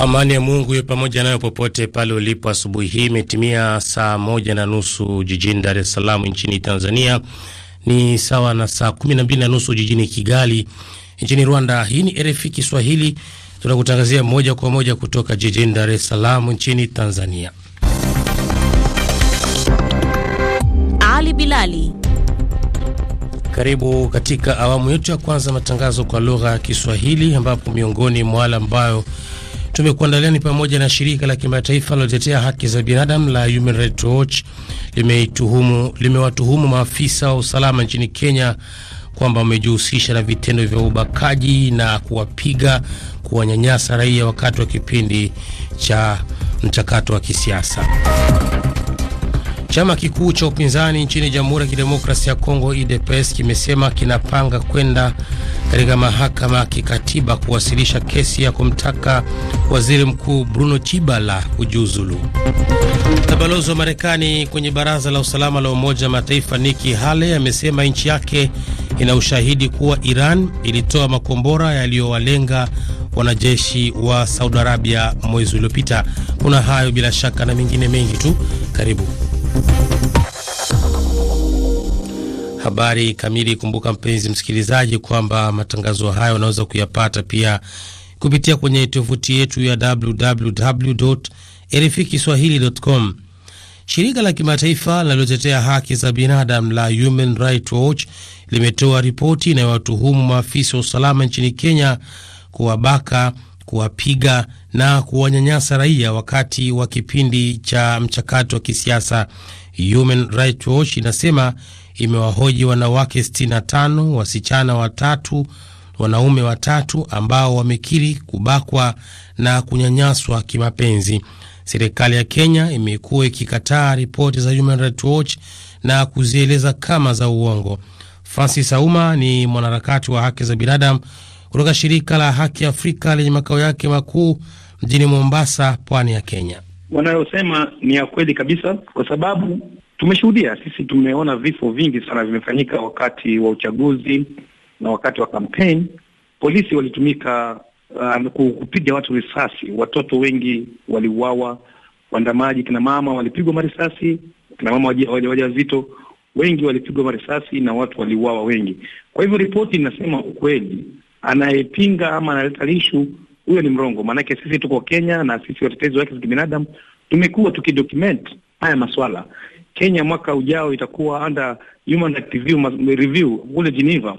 Amani ya Mungu iwe pamoja nayo popote pale ulipo. Asubuhi hii imetimia saa moja na nusu jijini Dar es Salaam nchini Tanzania, ni sawa na saa kumi na mbili na nusu jijini Kigali nchini Rwanda. Hii ni RFI Kiswahili, tunakutangazia moja kwa moja kutoka jijini Dar es Salaam nchini Tanzania. Ali Bilali, karibu katika awamu yetu ya kwanza matangazo kwa lugha ya Kiswahili, ambapo miongoni mwa wale ambayo tumekuandalia ni pamoja na shirika la kimataifa linalotetea haki za binadamu la Human Rights Watch limeituhumu limewatuhumu maafisa wa usalama nchini Kenya kwamba wamejihusisha na vitendo vya ubakaji na kuwapiga, kuwanyanyasa raia wakati wa kipindi cha mchakato wa kisiasa. Chama kikuu cha upinzani nchini Jamhuri ya Kidemokrasia ya Kongo UDPS kimesema kinapanga kwenda katika mahakama ya kikatiba kuwasilisha kesi ya kumtaka waziri mkuu Bruno Chibala kujiuzulu. Na balozi wa Marekani kwenye Baraza la Usalama la Umoja wa Mataifa Nikki Haley amesema nchi yake ina ushahidi kuwa Iran ilitoa makombora yaliyowalenga wanajeshi wa Saudi Arabia mwezi uliopita. Kuna hayo bila shaka na mengine mengi tu, karibu Habari kamili. Kumbuka mpenzi msikilizaji, kwamba matangazo hayo unaweza kuyapata pia kupitia kwenye tovuti yetu ya www RFI Kiswahili.com. Shirika la kimataifa linalotetea haki za binadamu la Human Rights Watch limetoa ripoti inayowatuhumu maafisa wa usalama nchini Kenya kuwabaka kuwapiga na kuwanyanyasa raia wakati wa kipindi cha mchakato wa kisiasa. Human Rights Watch inasema imewahoji wanawake 65, wasichana watatu, wanaume watatu ambao wamekiri kubakwa na kunyanyaswa kimapenzi. Serikali ya Kenya imekuwa ikikataa ripoti za Human Rights Watch na kuzieleza kama za uongo. Francis Auma ni mwanaharakati wa haki za binadamu kutoka shirika la Haki Afrika lenye makao yake makuu mjini Mombasa, pwani ya Kenya. Wanayosema ni ya kweli kabisa, kwa sababu tumeshuhudia sisi, tumeona vifo vingi sana vimefanyika wakati wa uchaguzi na wakati wa kampeni. Polisi walitumika uh, kupiga watu risasi, watoto wengi waliuawa, waandamaji, kina mama walipigwa marisasi, kina mama wajawazito wengi walipigwa marisasi na watu waliuawa wengi. Kwa hivyo ripoti inasema ukweli anayepinga ama analeta lishu huyo ni mrongo. Maanake sisi tuko Kenya na sisi watetezi wa haki za kibinadamu tumekuwa tukidocument haya maswala. Kenya mwaka ujao itakuwa under human review kule Geneva.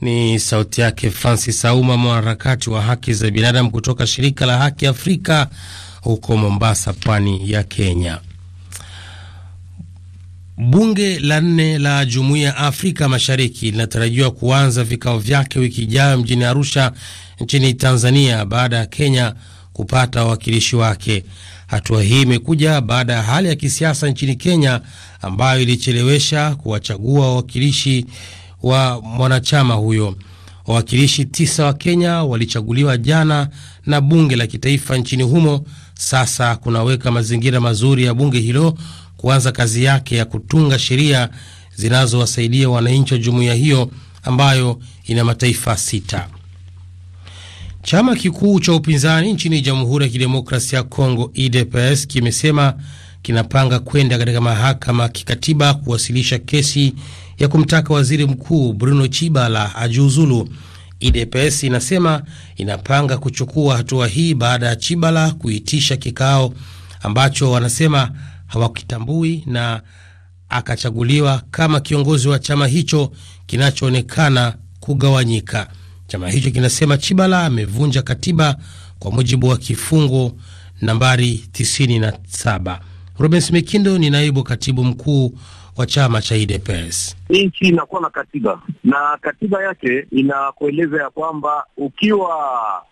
Ni sauti yake Francis Auma, mwanaharakati wa haki za binadamu kutoka shirika la Haki Afrika huko Mombasa, pwani ya Kenya. Bunge la nne la Jumuiya ya Afrika Mashariki linatarajiwa kuanza vikao vyake wiki ijayo mjini Arusha nchini Tanzania baada ya Kenya kupata wawakilishi wake. Hatua hii imekuja baada ya hali ya kisiasa nchini Kenya ambayo ilichelewesha kuwachagua wawakilishi wa mwanachama huyo. Wawakilishi tisa wa Kenya walichaguliwa jana na bunge la kitaifa nchini humo. Sasa kunaweka mazingira mazuri ya bunge hilo kuanza kazi yake ya kutunga sheria zinazowasaidia wananchi wa jumuiya hiyo ambayo ina mataifa sita. Chama kikuu cha upinzani nchini Jamhuri ya Kidemokrasia ya Kongo, UDPS, kimesema kinapanga kwenda katika mahakama kikatiba kuwasilisha kesi ya kumtaka waziri mkuu Bruno Chibala ajiuzulu. UDPS inasema inapanga kuchukua hatua hii baada ya Chibala kuitisha kikao ambacho wanasema hawakitambui na akachaguliwa kama kiongozi wa chama hicho kinachoonekana kugawanyika. Chama hicho kinasema Chibala amevunja katiba kwa mujibu wa kifungo nambari 97. Robens Mekindo ni naibu katibu mkuu wa chama cha UDPS. Nchi inakuwa na katiba na katiba yake inakueleza ya kwamba ukiwa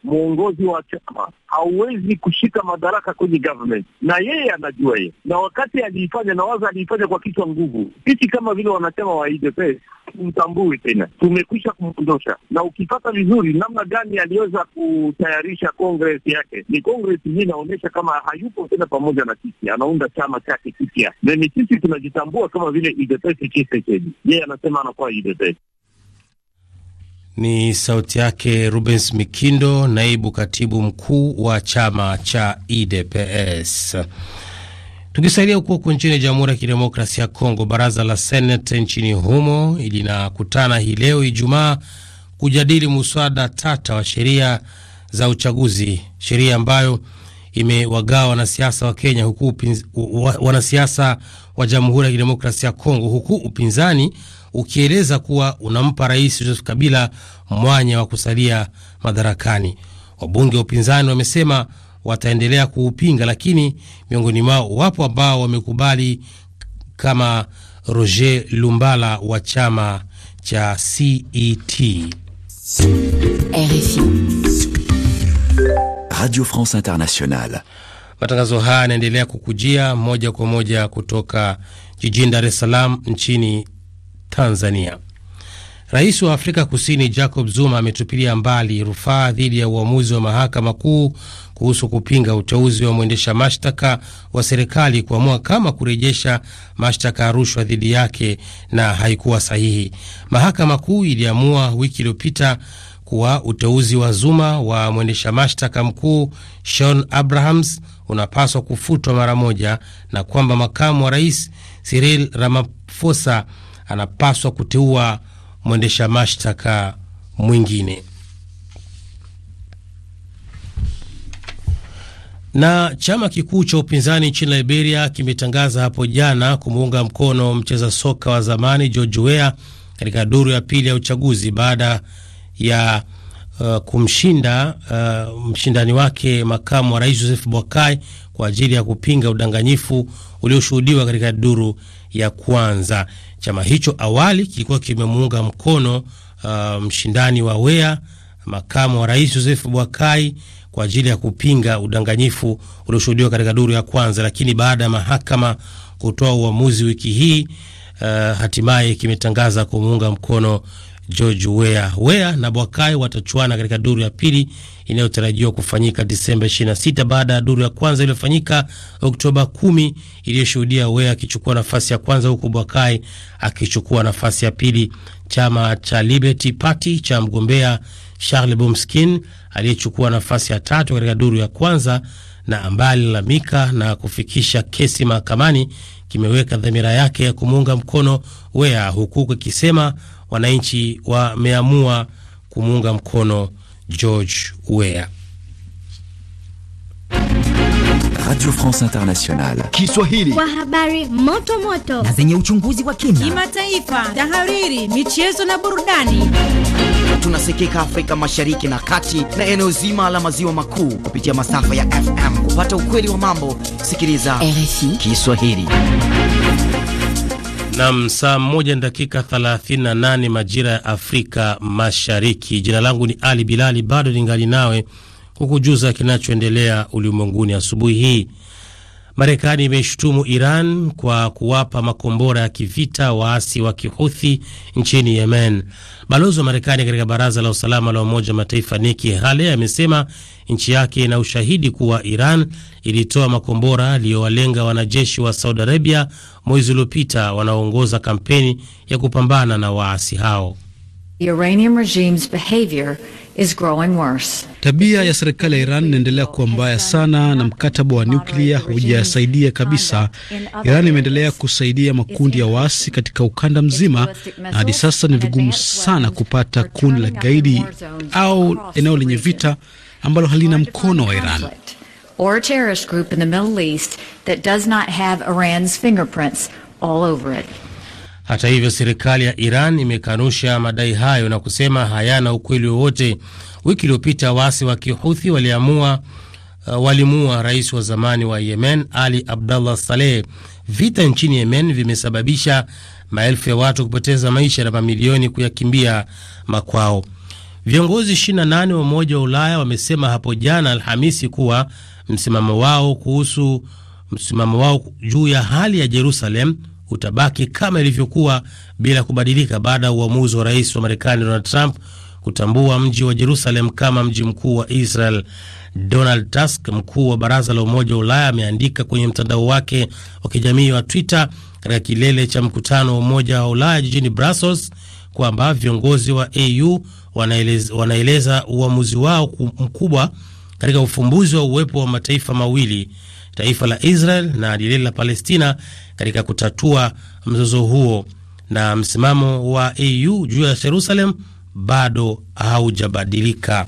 mwongozi wa chama hauwezi kushika madaraka kwenye government, na yeye anajua hiyo, na wakati aliifanya, na waza aliifanya kwa kichwa nguvu. Sisi kama vile wanachama wa UDPS hatumtambui tena, tumekwisha kumwondosha Na ukipata vizuri namna gani aliweza kutayarisha kongres yake, ni kongres hii inaonyesha kama hayupo tena pamoja na sisi, anaunda chama chake kipya, ni sisi tunajitambua kama vile UDPS Tshisekedi. Yeye anasema anakuwa UDPS. Ni sauti yake Rubens Mikindo, naibu katibu mkuu wa chama cha UDPS. Tukisalia huko huko nchini Jamhuri ya Kidemokrasia ya Kongo, baraza la Senate nchini humo linakutana hii leo Ijumaa kujadili muswada tata wa sheria za uchaguzi, sheria ambayo imewagawa wanasiasa wa Kenya huku wanasiasa wa Jamhuri ya Kidemokrasia ya Kongo, huku upinzani ukieleza kuwa unampa Rais Joseph Kabila mwanya wa kusalia madarakani. Wabunge wa upinzani wamesema wataendelea kuupinga, lakini miongoni mwao wapo ambao wamekubali kama Roger Lumbala wa chama cha CET. RFI Radio France Internationale. Matangazo haya yanaendelea kukujia moja kwa moja kutoka jijini Dar es Salaam nchini Tanzania. Rais wa Afrika Kusini Jacob Zuma ametupilia mbali rufaa dhidi ya uamuzi wa mahakama kuu kuhusu kupinga uteuzi wa mwendesha mashtaka wa serikali kuamua kama kurejesha mashtaka ya rushwa dhidi yake na haikuwa sahihi. Mahakama Kuu iliamua wiki iliyopita kuwa uteuzi wa Zuma wa mwendesha mashtaka mkuu Sean Abrahams unapaswa kufutwa mara moja na kwamba makamu wa rais Cyril Ramaphosa anapaswa kuteua mwendesha mashtaka mwingine. Na chama kikuu cha upinzani nchini Liberia kimetangaza hapo jana kumuunga mkono mcheza soka wa zamani George Weah katika duru ya pili ya uchaguzi baada ya uh, kumshinda uh, mshindani wake makamu wa rais Joseph Boakai kwa ajili ya kupinga udanganyifu ulioshuhudiwa katika duru ya kwanza. Chama hicho awali kilikuwa kimemuunga mkono uh, mshindani wa Weah, makamu wa rais Joseph Boakai kwa ajili ya kupinga udanganyifu ulioshuhudiwa katika duru ya kwanza, lakini baada ya mahakama kutoa uamuzi wiki hii uh, hatimaye kimetangaza kumuunga mkono George Weah. Weah na bwakai watachuana katika duru ya pili inayotarajiwa kufanyika Disemba 26 baada ya duru ya kwanza iliyofanyika Oktoba 10 iliyoshuhudia Weah akichukua nafasi ya kwanza huku bwakai akichukua nafasi ya pili. Chama cha Liberty Party cha mgombea Charles Bomskin aliyechukua nafasi ya tatu katika duru ya kwanza na ambaye alilalamika na kufikisha kesi mahakamani kimeweka dhamira yake ya kumuunga mkono wea huku kikisema wananchi wameamua kumuunga mkono George wea Radio France Internationale Kiswahili kwa habari moto moto na zenye uchunguzi wa kina, kimataifa, tahariri, michezo na burudani. Tunasikika Afrika Mashariki na Kati na eneo zima la maziwa makuu kupitia masafa ya FM. Kupata ukweli wa mambo, sikiliza RFI Kiswahili. Nam, saa moja na dakika 38 majira ya Afrika Mashariki. Jina langu ni Ali Bilali, bado ningali nawe kukujuza kinachoendelea ulimwenguni asubuhi hii. Marekani imeshutumu Iran kwa kuwapa makombora ya kivita waasi wa kihuthi nchini Yemen. Balozi wa Marekani katika baraza la usalama la Umoja wa Mataifa Nikki Haley amesema nchi yake ina ushahidi kuwa Iran ilitoa makombora aliyowalenga wanajeshi wa Saudi Arabia mwezi uliopita wanaoongoza kampeni ya kupambana na waasi hao. The Iranian regime's behavior Is growing worse. Tabia ya serikali ya Iran inaendelea kuwa mbaya sana na mkataba wa nuklia hujasaidia kabisa. Iran imeendelea kusaidia makundi ya waasi katika ukanda mzima, na hadi sasa ni vigumu sana kupata kundi la gaidi au eneo lenye vita ambalo halina mkono wa Iran. Hata hivyo, serikali ya Iran imekanusha madai hayo na kusema hayana ukweli wowote. Wiki iliyopita waasi wa Kihuthi waliamua uh, rais wa zamani wa Yemen Ali Abdullah Saleh. Vita nchini Yemen vimesababisha maelfu ya watu kupoteza maisha na mamilioni kuyakimbia makwao. Viongozi 28 wa Umoja wa Ulaya wamesema hapo jana Alhamisi kuwa msimamo wao kuhusu msimamo wao juu ya hali ya Jerusalem utabaki kama ilivyokuwa bila kubadilika baada ya uamuzi wa rais wa Marekani Donald Trump kutambua mji wa Jerusalem kama mji mkuu wa Israel. Donald Tusk, mkuu wa baraza la Umoja wa Ulaya, ameandika kwenye mtandao wake wa kijamii wa Twitter katika kilele cha mkutano wa Umoja wa Ulaya jijini Brussels kwamba viongozi wa EU wanaeleza, wanaeleza uamuzi wao mkubwa katika ufumbuzi wa uwepo wa mataifa mawili taifa la Israel na lile la Palestina katika kutatua mzozo huo, na msimamo wa EU juu ya Jerusalem bado haujabadilika.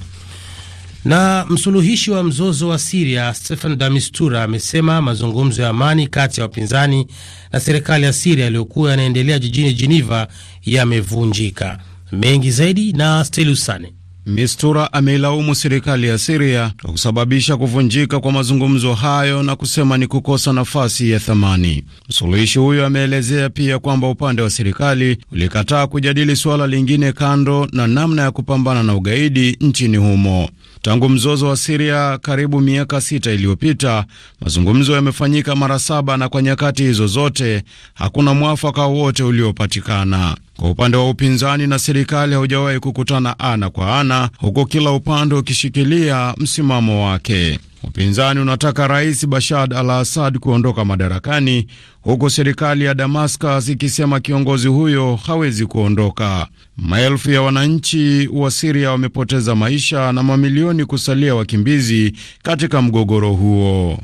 Na msuluhishi wa mzozo wa Siria stephen damistura amesema mazungumzo ya amani kati ya wapinzani na serikali ya Siria yaliyokuwa yanaendelea jijini Geneva yamevunjika. Mengi zaidi na Stelusane Mistura ameilaumu serikali ya Siria kwa kusababisha kuvunjika kwa mazungumzo hayo na kusema ni kukosa nafasi ya thamani. Msuluhishi huyo ameelezea pia kwamba upande wa serikali ulikataa kujadili suala lingine kando na namna ya kupambana na ugaidi nchini humo. Tangu mzozo wa Siria karibu miaka sita iliyopita, mazungumzo yamefanyika mara saba na kwa nyakati hizo zote hakuna mwafaka wowote uliopatikana. Kwa upande wa upinzani na serikali haujawahi kukutana ana kwa ana, huku kila upande ukishikilia msimamo wake. Upinzani unataka Rais Bashar al Assad kuondoka madarakani, huku serikali ya Damascus ikisema kiongozi huyo hawezi kuondoka. Maelfu ya wananchi wa Siria wamepoteza maisha na mamilioni kusalia wakimbizi katika mgogoro huo.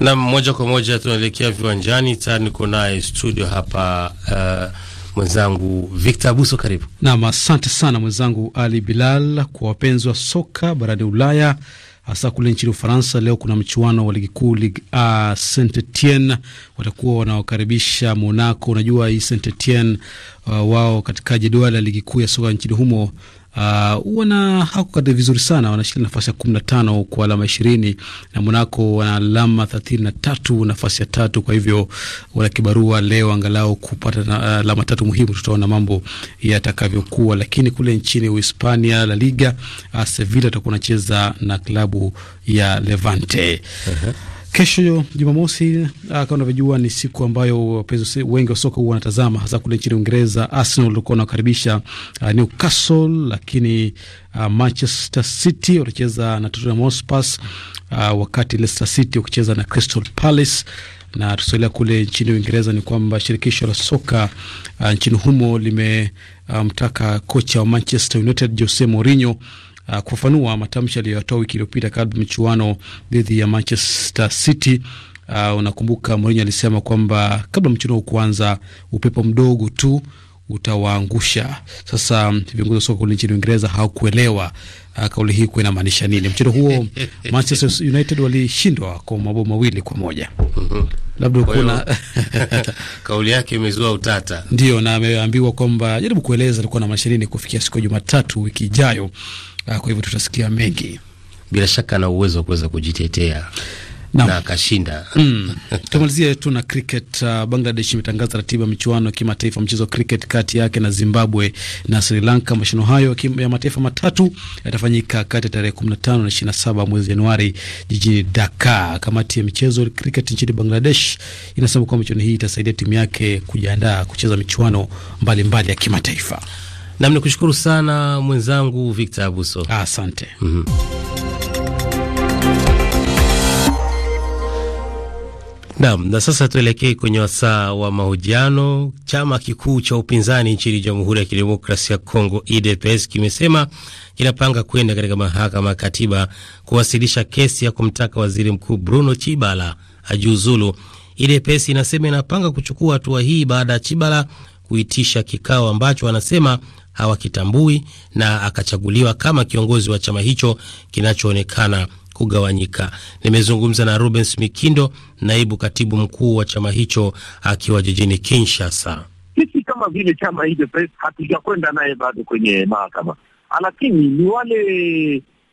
Nam, moja kwa moja tunaelekea viwanjani. Tayari niko naye studio hapa uh, mwenzangu Victor Abuso. Karibu nam. Asante sana mwenzangu Ali Bilal. Kwa wapenzi wa soka barani Ulaya, hasa kule nchini Ufaransa, leo kuna mchuano wa ligi kuu Ligue A. Saint Etienne watakuwa wanawakaribisha Monaco. Unajua hii Saint Etienne uh, wao katika jedwali la ligi kuu ya soka nchini humo uh, ah, wana hakukata vizuri sana, wanashikilia nafasi ya kumi na tano kwa alama ishirini na Monaco wana alama thelathini na tatu nafasi ya tatu. Kwa hivyo wana kibarua leo angalau kupata ah, alama tatu muhimu. Tutaona mambo yatakavyokuwa, lakini kule nchini Uhispania, La Liga, Sevilla atakuwa anacheza na klabu ya Levante. uh -huh. Kesho Jumamosi, ah, kama unavyojua, ni siku ambayo wapenzi wengi wa soka huwa wanatazama, hasa kule nchini Uingereza. Arsenal walikuwa wanakaribisha uh, ah, Newcastle, lakini uh, Manchester City watacheza na Tottenham Hotspur, uh, wakati Leicester City wakicheza na Crystal Palace na tusalia kule nchini Uingereza ni kwamba shirikisho la soka uh, nchini humo limemtaka um, kocha wa Manchester United Jose Mourinho uh, kufafanua matamshi aliyoyatoa wiki iliyopita kabla mchuano dhidi ya Manchester City. Uh, unakumbuka Mourinho alisema kwamba kabla mchuano kuanza, upepo mdogo tu utawaangusha. Sasa viongozi wa soka kule nchini Uingereza hawakuelewa ah, kauli hii kuwa inamaanisha nini. Mchezo huo Manchester United walishindwa kwa mabao mawili kwa moja. Mhm. Labda kuna kauli yake imezua utata, ndio na ameambiwa kwamba jaribu kueleza alikuwa maanisha nini kufikia siku ya Jumatatu wiki ijayo. Ah, kwa hivyo tutasikia mengi, bila shaka ana uwezo wa kuweza kujitetea na, akashinda. Mm. Tumalizie tu na cricket. Uh, Bangladesh imetangaza ratiba ya michuano ya kimataifa mchezo wa cricket kati yake na Zimbabwe na Sri Lanka. Mashindano hayo ya mataifa matatu yatafanyika kati ya tarehe 15 na 27 mwezi Januari jijini Dhaka. Kamati ya michezo cricket nchini Bangladesh inasema kwamba michuano hii itasaidia timu yake kujiandaa kucheza michuano mbalimbali ya kimataifa. Nami nakushukuru sana mwenzangu Victor Abuso, asante. mm -hmm. Naam, na sasa tuelekee kwenye wasaa wa mahojiano. Chama kikuu cha upinzani nchini Jamhuri ya Kidemokrasia ya Kongo, UDPS, kimesema kinapanga kwenda katika mahakama ya katiba kuwasilisha kesi ya kumtaka waziri mkuu Bruno Chibala ajiuzulu. UDPS inasema inapanga kuchukua hatua hii baada ya Chibala kuitisha kikao ambacho wanasema hawakitambui na akachaguliwa kama kiongozi wa chama hicho kinachoonekana kugawanyika. Nimezungumza na Rubens Mikindo, naibu katibu mkuu wa chama hicho akiwa jijini Kinshasa. Sisi kama vile chama UDPS hatujakwenda naye bado kwenye mahakama, lakini ni wale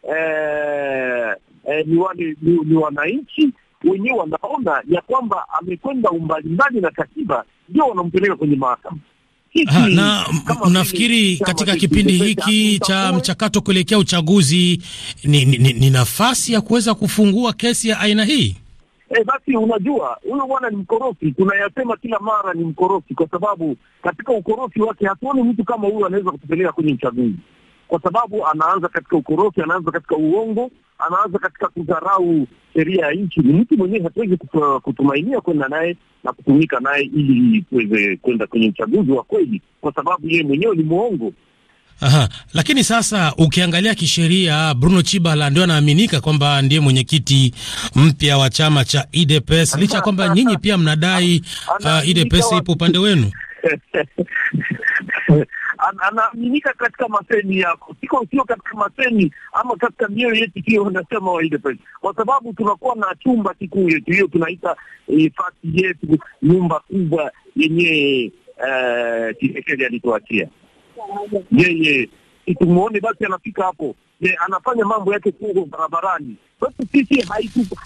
eh, eh, ni wale ni, ni wananchi wenyewe wanaona ya kwamba amekwenda umbali mbali na katiba, ndio wanampeleka kwenye mahakama na mnafikiri katika kipindi hiki cha mchakato kuelekea uchaguzi ni, ni, ni nafasi ya kuweza kufungua kesi ya aina hii? E, basi unajua huyo bwana ni mkorofi, tunayasema kila mara ni mkorofi, kwa sababu katika ukorofi wake hatuoni mtu kama huyo anaweza kutupeleka kwenye uchaguzi, kwa sababu anaanza katika ukorofi, anaanza katika uongo, anaanza katika kudharau sheria ya nchi. Ni mtu mwenyewe hatuwezi kutumainia kwenda naye na kutumika naye ili tuweze kwenda kwenye uchaguzi wa kweli, kwa sababu yeye mwenyewe ni mwongo. Aha, lakini sasa ukiangalia kisheria Bruno Chibala ndio anaaminika kwamba ndiye mwenyekiti mpya wa chama cha UDPS licha ya kwamba nyinyi pia mnadai UDPS uh, ipo upande wenu. anaaminika katika maseni yako, siko sio katika maseni ama katika mioyo yetu, hiyo wanasema wa kwa sababu tunakuwa na chumba kikuu yetu, hiyo tunaita hifadhi eh, yetu, nyumba kubwa yenyewe eh, Tshisekedi alituachia yeye tumuone basi, anafika hapo, anafanya mambo yake kungo barabarani. Basi sisi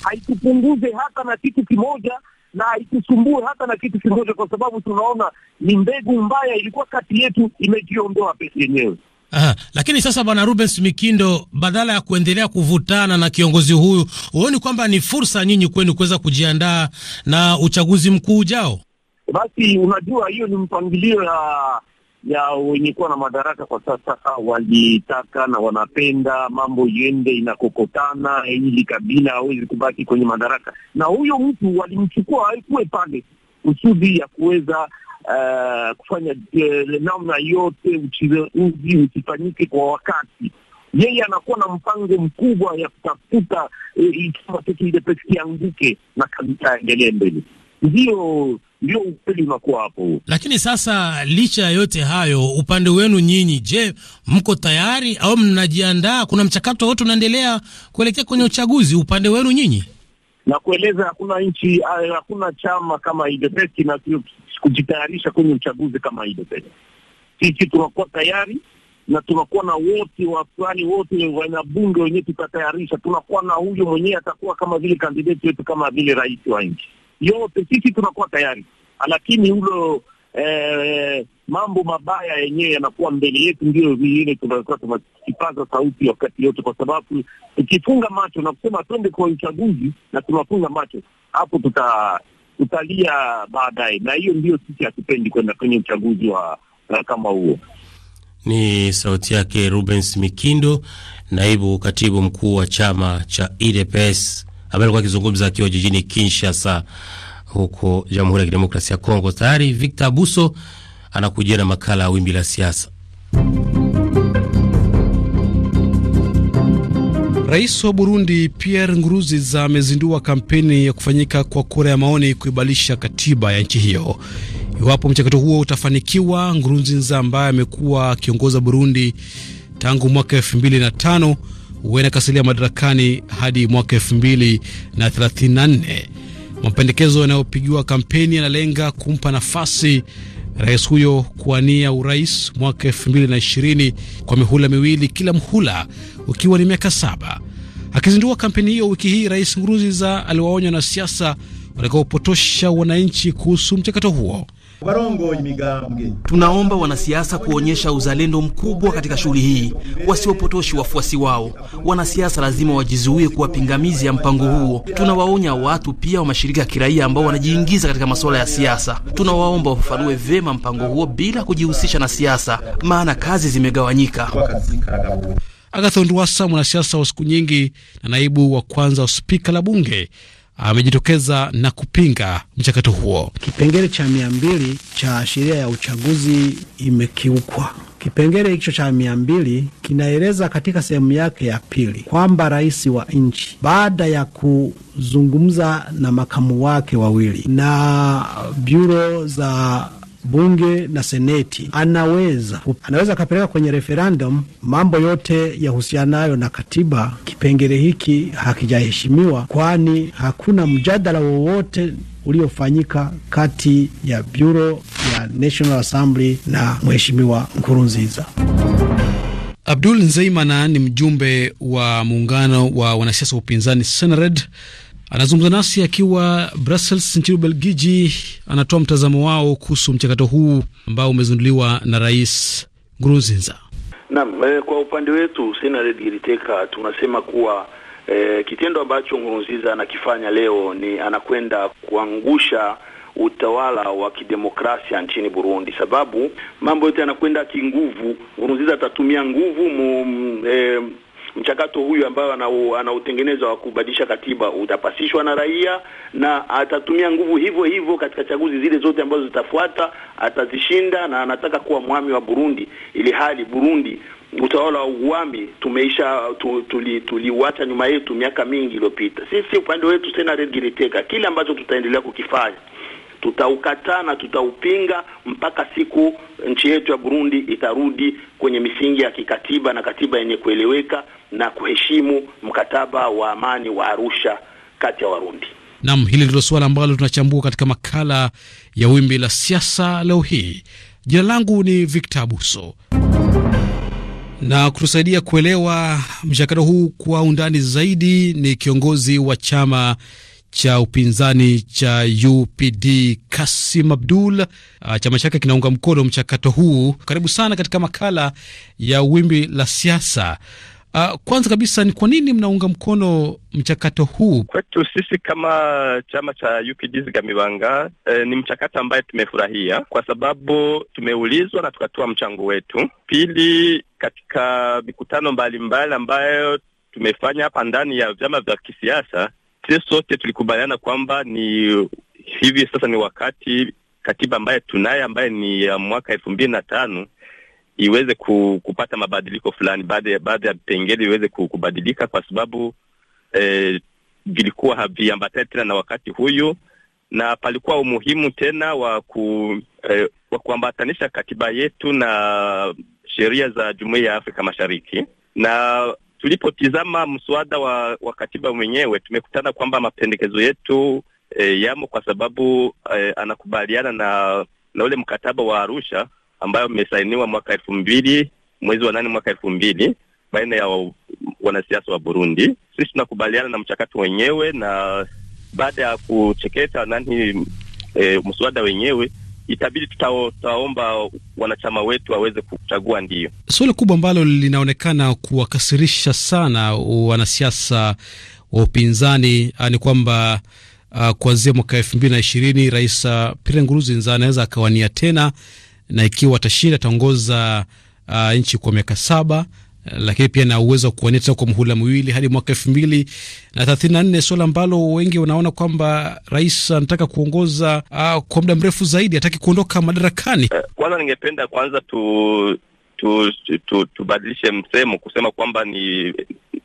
haitupunguze hata na kitu kimoja na itusumbue hata na kitu kimoja, kwa sababu tunaona ni mbegu mbaya ilikuwa kati yetu, imejiondoa pesa yenyewe. Aha, lakini sasa bwana Rubens Mikindo, badala ya kuendelea kuvutana na kiongozi huyu, huoni kwamba ni fursa nyinyi kwenu kuweza kujiandaa na uchaguzi mkuu ujao? Basi unajua hiyo ni mpangilio ya ya wenye kuwa na madaraka kwa sasa walitaka na wanapenda mambo iende inakokotana, ili kabila hawezi kubaki kwenye madaraka, na huyo mtu walimchukua aikuwe pale kusudi ya kuweza uh, kufanya uh, namna yote ucheuzi usifanyike kwa wakati. Yeye anakuwa na mpango mkubwa ya kutafuta uh, ikiwa keki ile pesa ianguke na kabisa aendelee mbele, ndiyo ndio ukweli unakuwa hapo. Lakini sasa, licha ya yote hayo, upande wenu nyinyi, je, mko tayari au mnajiandaa? Kuna mchakato wote unaendelea kuelekea kwenye uchaguzi upande wenu nyinyi? Na kueleza hakuna nchi, eh, hakuna chama kama IDPES na kujitayarisha kwenye uchaguzi kama IDPES. Sisi tunakuwa tayari na tunakuwa na wote wafulani wote wanabunge wenyewe tutatayarisha, tunakuwa na huyo mwenyewe atakuwa kama vile kandidati wetu kama vile rais wa nchi yote sisi tunakuwa tayari, lakini hulo eh, mambo mabaya yenyewe yanakuwa mbele yetu, ndio ile tunakuwa tunakipaza sauti wakati yote, kwa sababu tukifunga macho na kusema twende kwa uchaguzi na tunafunga macho hapo, tuta tutalia baadaye, na hiyo ndio sisi hatupendi kwenda kwenye uchaguzi wa eh, kama huo. Ni sauti yake Rubens Mikindo, naibu katibu mkuu wa chama cha UDPS ambaye alikuwa akizungumza akiwa jijini Kinshasa huko Jamhuri ya Kidemokrasia ya Kongo. Tayari Victor Abuso anakujia na makala ya wimbi la siasa. Rais wa Burundi Pierre Nkurunziza amezindua kampeni ya kufanyika kwa kura ya maoni kuibalisha katiba ya nchi hiyo. Iwapo mchakato huo utafanikiwa, Nkurunziza ambaye amekuwa akiongoza Burundi tangu mwaka elfu mbili na tano huenda kasilia madarakani hadi mwaka elfu mbili na thelathini na nne. Mapendekezo yanayopigiwa kampeni yanalenga kumpa nafasi rais huyo kuwania urais mwaka elfu mbili na ishirini kwa mihula miwili, kila mhula ukiwa ni miaka saba. Akizindua kampeni hiyo wiki hii, Rais Nkurunziza aliwaonya wanasiasa watakaopotosha wananchi kuhusu mchakato huo. Tunaomba wanasiasa kuonyesha uzalendo mkubwa katika shughuli hii, wasiopotoshi wafuasi wao. Wanasiasa lazima wajizuie kuwa pingamizi ya mpango huo. Tunawaonya watu pia wa mashirika ya kiraia ambao wanajiingiza katika masuala ya siasa. Tunawaomba wafafanue vyema mpango huo bila kujihusisha na siasa, maana kazi zimegawanyika. Agathon Rwasa, mwanasiasa wa siku nyingi na naibu wa kwanza wa spika la bunge amejitokeza na kupinga mchakato huo. Kipengele cha mia mbili cha sheria ya uchaguzi imekiukwa. Kipengele hicho cha mia mbili kinaeleza katika sehemu yake ya pili kwamba rais wa nchi baada ya kuzungumza na makamu wake wawili na byuro za bunge na seneti, anaweza anaweza akapeleka kwenye referendum mambo yote yahusianayo na katiba. Kipengele hiki hakijaheshimiwa, kwani hakuna mjadala wowote uliofanyika kati ya bureau ya National Assembly na mheshimiwa Nkurunziza. Abdul Nzeimana ni mjumbe wa muungano wa wanasiasa wa upinzani Senared Anazungumza nasi akiwa Brussels nchini Ubelgiji, anatoa mtazamo wao kuhusu mchakato huu ambao umezinduliwa na Rais Nkurunziza. Naam, eh, kwa upande wetu Senared Giriteka tunasema kuwa e, kitendo ambacho Nkurunziza anakifanya leo ni anakwenda kuangusha utawala wa kidemokrasia nchini Burundi, sababu mambo yote yanakwenda kinguvu. Nkurunziza atatumia nguvu mu, e, mchakato huyu ambayo anautengeneza ana wa kubadilisha katiba utapasishwa na raia, na atatumia nguvu hivyo hivyo katika chaguzi zile zote ambazo zitafuata, atazishinda na anataka kuwa mwami wa Burundi, ili hali Burundi utawala wa uwami tumeisha tuliuacha tuli nyuma yetu miaka mingi iliyopita. Sisi upande wetu tena Red kile ambacho tutaendelea kukifanya tutaukataa na tutaupinga mpaka siku nchi yetu ya Burundi itarudi kwenye misingi ya kikatiba na katiba yenye kueleweka na kuheshimu mkataba wa amani wa Arusha kati ya Warundi. Naam, hili ndilo suala ambalo tunachambua katika makala ya wimbi la siasa leo hii. Jina langu ni Victor Abuso. Na kutusaidia kuelewa mchakato huu kwa undani zaidi ni kiongozi wa chama cha upinzani cha UPD Kasim Abdul. Uh, chama chake kinaunga mkono mchakato huu. Karibu sana katika makala ya wimbi la siasa. Uh, kwanza kabisa ni kwa nini mnaunga mkono mchakato huu? Kwetu sisi kama chama cha UPD Zigamibanga, e, ni mchakato ambaye tumefurahia kwa sababu tumeulizwa na tukatoa mchango wetu. Pili, katika mikutano mbalimbali ambayo tumefanya hapa ndani ya vyama vya kisiasa sisi sote tulikubaliana kwamba ni hivi sasa ni wakati katiba ambaye tunaye ambaye ni ya mwaka elfu mbili na tano iweze ku, kupata mabadiliko fulani, baadhi ya vipengele iweze kubadilika kwa sababu eh, vilikuwa haviambatani tena na wakati huyu, na palikuwa umuhimu tena wa ku, eh, wa kuambatanisha katiba yetu na sheria za Jumuiya ya Afrika Mashariki na tulipotizama mswada wa, wa katiba mwenyewe tumekutana kwamba mapendekezo yetu e, yamo kwa sababu e, anakubaliana na na ule mkataba wa Arusha ambayo umesainiwa mwaka elfu mbili mwezi wa nane mwaka elfu mbili baina ya wanasiasa wa Burundi. Sisi tunakubaliana na mchakato wenyewe, na baada ya kucheketa nani e, mswada wenyewe itabidi tutaomba wanachama wetu waweze kuchagua ndio Suala kubwa ambalo linaonekana kuwakasirisha sana wanasiasa wa upinzani ah, ni kwamba uh, kuanzia mwaka elfu mbili na ishirini Rais ah, Pierre Nkurunziza anaweza akawania tena, na ikiwa atashinda ataongoza uh, nchi kwa miaka saba lakini pia na uwezo wa kuwania tena kwa muhula miwili hadi mwaka elfu mbili na thelathini na nne suala ambalo wengi wanaona kwamba rais anataka kuongoza uh, kwa muda mrefu zaidi, hataki kuondoka madarakani. Eh, kwanza ningependa kwanza tu tubadilishe tu, tu, tu msemo kusema kwamba ni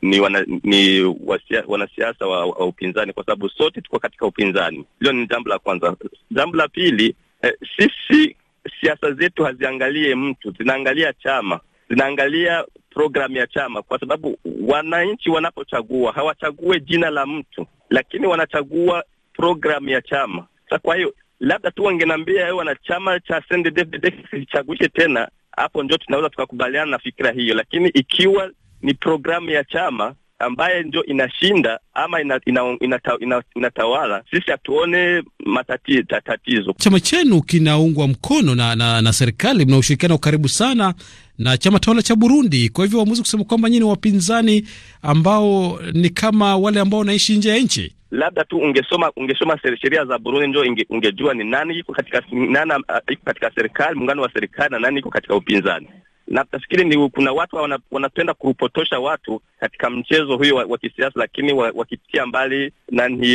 ni, wana, ni wasia, wanasiasa wa, wa upinzani kwa sababu sote tuko katika upinzani. Hilo ni jambo la kwanza. Jambo la pili, eh, sisi siasa zetu haziangalie mtu, zinaangalia chama zinaangalia programu ya chama, kwa sababu wananchi wanapochagua hawachague jina la mtu, lakini wanachagua programu ya chama. Sa kwa hiyo labda tu wangeniambia chama cha CNDD-FDD kisichaguishe tena, hapo ndio tunaweza tukakubaliana na fikira hiyo, lakini ikiwa ni programu ya chama ambaye ndio inashinda ama inatawala ina, ina, ina, ina sisi hatuone matatizo. Chama chenu kinaungwa mkono na, na, na serikali, mna ushirikiano karibu sana na chama tawala cha Burundi. Kwa hivyo waamuzi kusema kwamba nyinyi ni wapinzani ambao ni kama wale ambao wanaishi nje ya nchi. Labda tu ungesoma ungesoma sheria za Burundi ndio unge, ungejua ni nani iko katika nani uh, iko katika serikali, muungano wa serikali na nani iko katika upinzani. Na nafikiri ni kuna watu wana, wanapenda kupotosha watu katika mchezo huyo wa, wa kisiasa, lakini wakitia mbali nani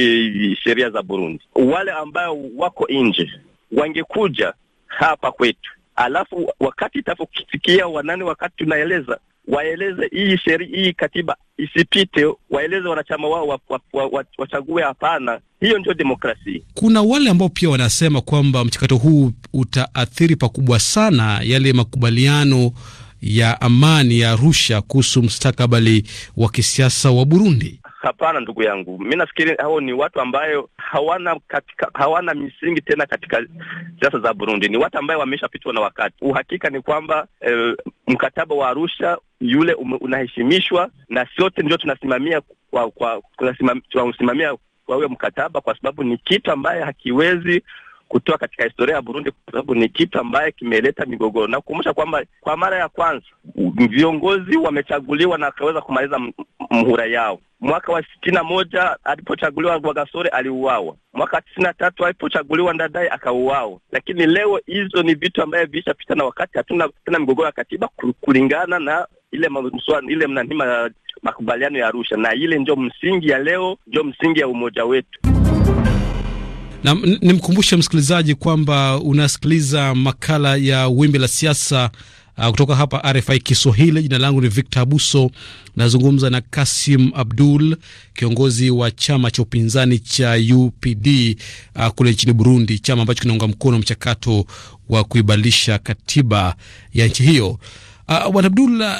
sheria za Burundi. Wale ambao wako nje wangekuja hapa kwetu alafu wakati itapofikia wanani, wakati tunaeleza waeleze hii sheri hii katiba isipite, waeleze wanachama wao wa, wa, wa, wa, wachague hapana. Hiyo ndio demokrasia. Kuna wale ambao pia wanasema kwamba mchakato huu utaathiri pakubwa sana yale makubaliano ya amani ya Arusha kuhusu mstakabali wa kisiasa wa Burundi. Hapana ndugu yangu, mi nafikiri hao ni watu ambayo hawana katika, hawana misingi tena katika siasa za Burundi. Ni watu ambayo wameshapitwa na wakati. Uhakika ni kwamba e, mkataba wa Arusha yule unaheshimishwa na sote ndio tunasimamia kwa, kwa, tunasimamia kwa huyo mkataba, kwa sababu ni kitu ambaye hakiwezi kutoa katika historia ya Burundi kwa sababu ni kitu ambaye kimeleta migogoro, na kukumbusha kwamba kwa mara ya kwanza viongozi wamechaguliwa na wakaweza kumaliza mhura yao. Mwaka wa sitini na moja alipochaguliwa Rwagasore aliuawa. Mwaka wa tisini na tatu alipochaguliwa Ndadaye akauawa. Lakini leo hizo ni vitu ambavyo vilishapita na wakati, hatuna tena migogoro ya katiba kulingana na ile mswa, ile mnanima makubaliano ya Arusha, na ile ndio msingi ya leo, ndio msingi ya umoja wetu. Na nimkumbushe msikilizaji kwamba unasikiliza makala ya Wimbi la Siasa Uh, kutoka hapa RFI Kiswahili, jina langu ni Victor Abuso. Nazungumza na Kasim Abdul, kiongozi wa chama cha upinzani cha UPD uh, ah, kule nchini Burundi, chama ambacho kinaunga mkono mchakato wa kuibadilisha katiba ya nchi hiyo. Uh, Abdul, uh,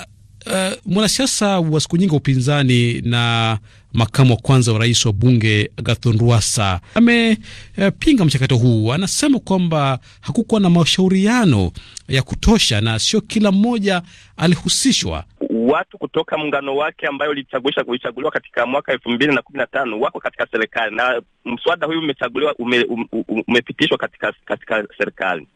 mwanasiasa wa siku nyingi wa upinzani na makamu wa kwanza wa rais wa bunge Agathon Rwasa amepinga mchakato huu. Anasema kwamba hakukuwa na mashauriano ya kutosha na sio kila mmoja alihusishwa. Watu kutoka muungano wake ambayo ulichagulisha kulichaguliwa katika mwaka elfu mbili na kumi na tano wako katika serikali na mswada huyu umechaguliwa ume, ume, umepitishwa katika, katika serikali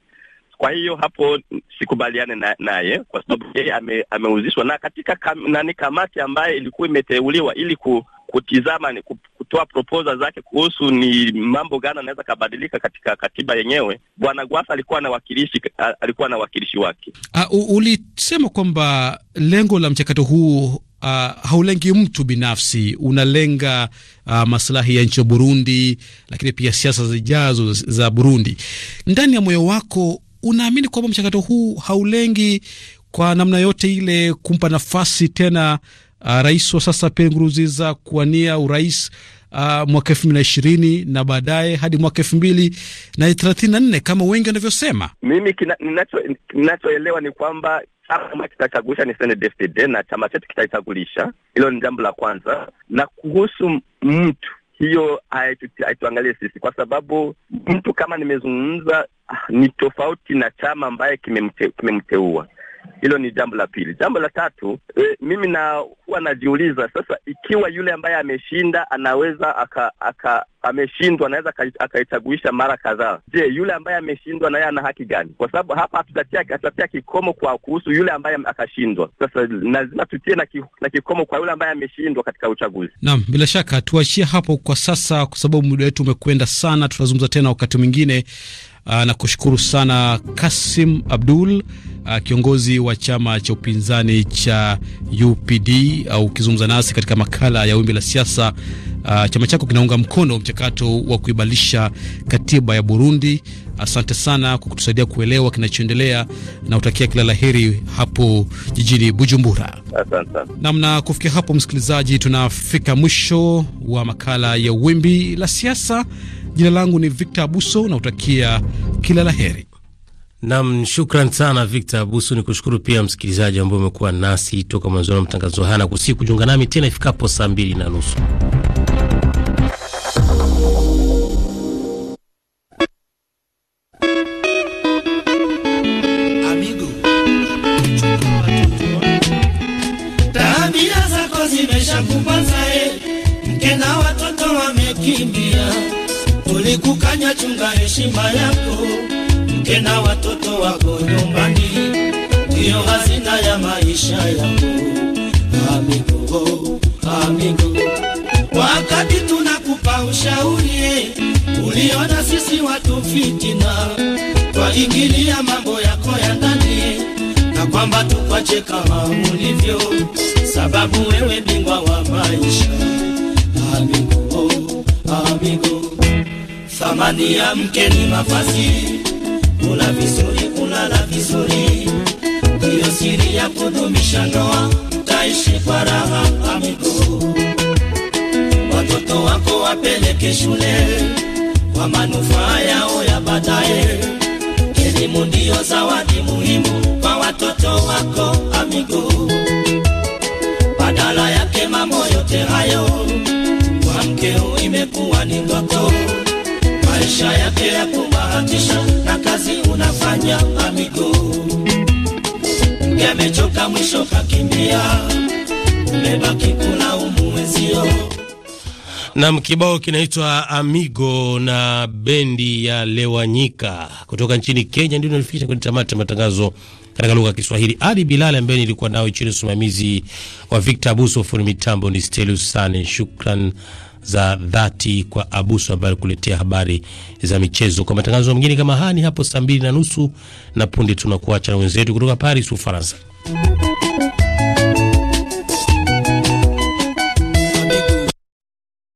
kwa hiyo hapo sikubaliane naye na kwa sababu yeye ame, ameuzishwa na katika kam, nani kamati ambayo ilikuwa imeteuliwa ili ku, kutizama ni kutoa proposal zake kuhusu ni mambo gani anaweza kabadilika katika katiba yenyewe. Bwana Gwasa alikuwa na wakilishi, alikuwa na wakilishi wake. Uh, ulisema kwamba lengo la mchakato huu Uh, haulengi mtu binafsi, unalenga uh, maslahi ya nchi ya Burundi, lakini pia siasa zijazo za Burundi. Ndani ya moyo wako unaamini kwamba mchakato huu haulengi kwa namna yote ile kumpa nafasi tena uh, rais wa sasa Pierre Nkurunziza kuwania urais uh, mwaka elfu mbili na ishirini na baadaye hadi mwaka elfu mbili na thelathini na nne kama wengi wanavyosema. Mimi kinachoelewa ni kwamba chama kitachagulisha ni CNDD-FDD na chama chetu kitachagulisha. Hilo ni jambo la kwanza, na kuhusu mtu hiyo haituangalie sisi, kwa sababu mtu kama nimezungumza ah, ni tofauti na chama ambaye kimemteua kime hilo ni jambo la pili. Jambo la tatu, e, mimi na huwa najiuliza sasa, ikiwa yule ambaye ameshinda anaweza aka, aka ameshindwa anaweza akaichaguisha mara kadhaa. Je, yule ambaye ameshindwa naye ana haki gani? Kwa sababu hapa hatutatia kikomo kwa kuhusu yule ambaye akashindwa. Sasa lazima tutie na, ki, na kikomo kwa yule ambaye ameshindwa katika uchaguzi. Naam, bila shaka tuachie hapo kwa sasa, kwa sababu muda wetu umekwenda sana. Tutazungumza tena wakati mwingine. Ah, na kushukuru sana Kasim Abdul, ah, kiongozi wa chama cha upinzani cha UPD, au ah, ukizungumza nasi katika makala ya wimbi la siasa. Chama chako kinaunga mkono mchakato wa kuibadilisha katiba ya Burundi. Asante sana kwa kutusaidia kuelewa kinachoendelea na utakia kila laheri hapo jijini Bujumbura. Namna kufikia hapo, msikilizaji, tunafika mwisho wa makala ya wimbi la siasa. Jina langu ni Victor Abuso na utakia kila la heri. Nam, shukran sana Victor Abusu. Ni kushukuru pia msikilizaji ambaye umekuwa nasi toka mwanzoni wa matangazo haya, na kusii kujiunga nami tena ifikapo saa mbili na nusu. Tabia zako zimeshakubanza, eh. mke na watoto wamekimbia ulikukanya chunga heshima yako, mke na watoto wako nyumbani, ndiyo hazina ya maisha yako. Amigo, amigo, wakati tunakupa ushauri uliona sisi watu fitina, twaingilia mambo yako ya ndani na kwamba tukwache kama ulivyo, sababu wewe bingwa wa maisha. Amigo, amigo Amani ya mke ni mafasi, kula vizuri, kulala vizuri, ndiyo siri ya kudumisha ndoa, taishi kwa raha. Amigo, watoto wako wapeleke shule kwa manufaa yao ya baadaye. Elimu ndiyo zawadi muhimu kwa watoto wako amigu badala yake mambo yote hayo kwa mkeo imekuwa ni ndoto maisha yake ya kubahatisha na kazi unafanya kwa miguu. Yamechoka mwisho kakimbia, umebaki kulaumu mwenzio. na kibao kinaitwa Amigo na bendi ya Lewanyika kutoka nchini Kenya. Ndio nalifikisha kwenye tamati matangazo katika lugha ya Kiswahili. Ali bilal ambaye nilikuwa nao chini usimamizi wa Victor Buso, fundi mitambo ni Stelius Sane. Shukran za dhati kwa Abuso ambaye alikuletea habari za michezo. Kwa matangazo mengine kama ni hapo saa mbili na nusu na punde tunakuacha na wenzetu kutoka Paris, Ufaransa.